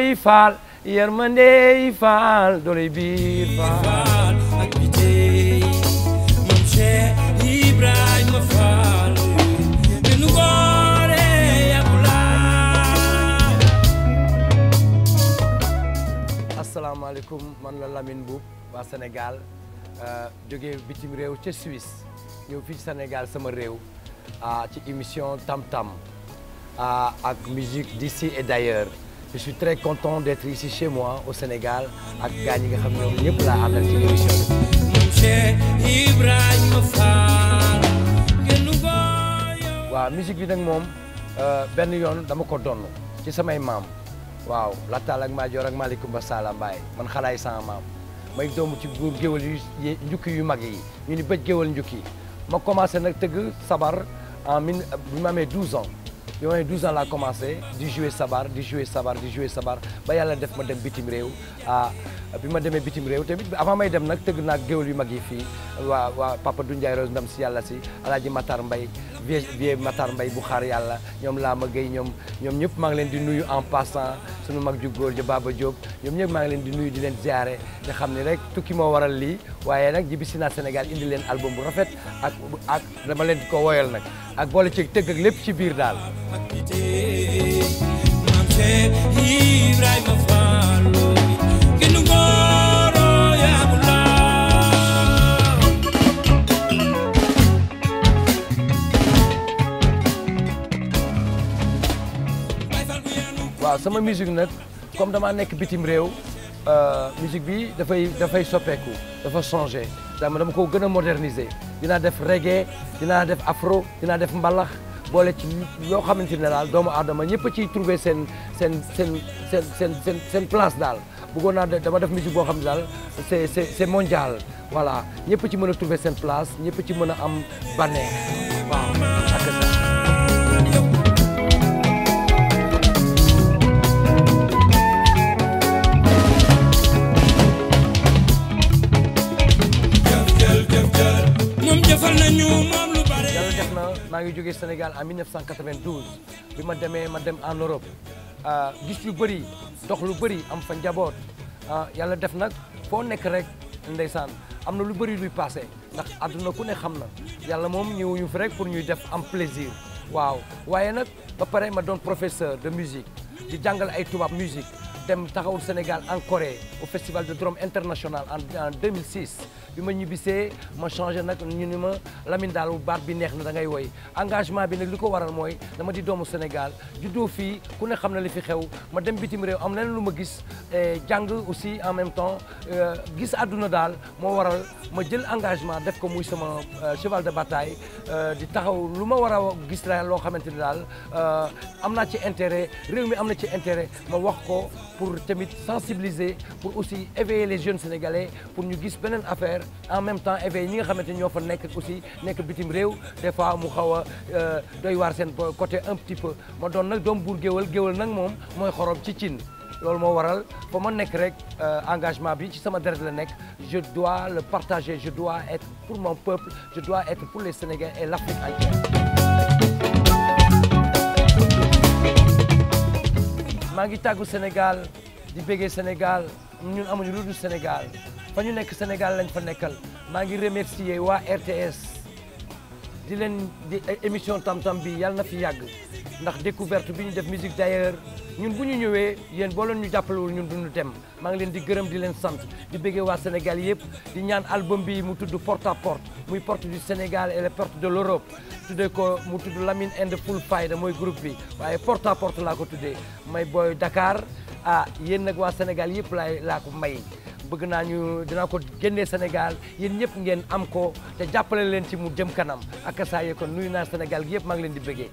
yi faal yërmande yi faal doole biir faal ak bitey mam Cheikh Ibrahima Faal benn goore yabulaay asalaamaaleykum man la Lamine Mboup waa Sénégal euh, jóge bitim réew ca Suisse ñëw fii ci Sénégal sama réew ah, ci émission Tam Tam ah, ak musique d'ici et d'ailleurs je suis très content d'être ici chez au Sénégal ak gaa ñi nga xam ñoom ñëpp laa àndal ci émission bi. nag moom euh, benn yoon dama ko donn ci samay maam waaw Latal ak Maajoor ak Malicoumba Sala Mbaye man xalaay sama may doomu ci buur géwal yu njukki yu mag yi ñu ni bëj géwal njukki ma commencé nag tëgg sabar en mille bi ma amee 12 ans. yooyu ma nee 12 laa commencé di jouer sabar di jouer sabar di jouer sabar ba yàlla def ma dem bitim réew ah bi ma demee bitim réew tamit avant may dem nag tëgg naa géwél yu mag yi fii waa waa Papa Dundiaay Rose ndam si yàlla si Alaaji Matar Mbay vie vie Matar Mbay bu xaar yàlla ñoom Lama Gueye ñoom ñoom ñëpp maa ngi leen di nuyu en passant suñu mag ju góor ja baaba Diop ñoom ñëpp maa ngi leen di nuyu di leen ziare te xam ne rek tukki moo waral lii waaye nag jibisi naa Sénégal indi leen album bu rafet ak dama leen ko woyal nag ak boole ci tëgg ak lépp ci biir daal sama musique nag comme dama nekk bitim réew euh, musique bi dafay dafay soppeeku dafa changé dama dama ko gën a moderniser dinaa def reggae dinaa def afro dinaa def mbalax boole ci yoo xamante ne daal doomu aadama ñëpp ciy trouver seen seen seen seen seen seen seen place daal bëggoon naa dama def musique boo xam ne daal c'est c'est c'est mondial voilà ñëpp ci mën a trouver seen place ñëpp ci mën a am bànneex yàlla def na maa ngi jógee Sénégal en 1992 bi ma demee ma dem en Europe ah, gis yu bëri dox lu bëri am fa njaboot ah, yàlla def nag foo nekk rek ndeysaan am na lu bëri luy passé ndax àdduna ku ne xam na yàlla moom ñëwuñu fi rek pour ñuy def am plaisir waaw waaye nag ba pare ma doon professeur de musique di jàngal ay tubaab musique dem taxawul Sénégal en coré au festival de Drôme international en en 2006 bi ma ñibbisee ma changé nag ñu ni ma Lamine daal baat bi neex na da ngay woy engagement bi nag li ko waral mooy dama di doomu Sénégal doo fii ku ne xam na li fi xew ma dem bitim réew am na lu ma gis eh, jàng aussi en même temps euh, gis àdduna daal moo waral ma jël engagement def ko muy sama euh, cheval de bataille euh, di taxaw lu ma war a gis la loo xamante ni daal am naa ci intérêt réew mi am na ci intérêt ma wax ko pour tamit sensibiliser pour aussi éveiller les jeunes sénégalais pour ñu gis beneen affaire en même temps éveiller ñi nga xamante ni ñoo fa nekk aussi nekk bitim réew des fois mu xaw a euh, doy waar seen côté un petit peu ma doon nag doom buur géwal géwal nag moom mooy xorom ci cin loolu moo waral fa ma nekk rek euh, engagement bi ci sama deret la nekk je dois le partager je dois être pour mon peuple je dois être pour les Sénégalais et l'Afrique entière maa ngi tàggu Sénégal di béggee Sénégal ñun amuñu lu dul Sénégal fa ñu nekk Sénégal lañ fa nekkal maa ngi remercier waa RTS di leen di émission tam-tam bi yàlla na fi yàgg ndax découverte bi ñu def musique d'ailleurs ñun bu ñu ñëwee yéen boo leen ñu jàppalewul ñun duñu dem maa ngi leen di gërëm di leen sant di bëggee waa Sénégal yëpp di ñaan album bi mu tudd porte à porte muy porte du Sénégal et les portes de l'Europe tuddee ko mu tudd Lamine and Full Fayda mooy group bi waaye port à porte laa ko tuddee may booy dakaar ah yéen nag waa Sénégal yëpp laay laa ko may bëgg naa ñu dinaa ko génnee Sénégal yéen ñëpp ngeen am ko te jàppale leen ci mu jëm kanam ak saa yee kon nuyu naa Sénégal gi yëpp maa ngi leen di bëggee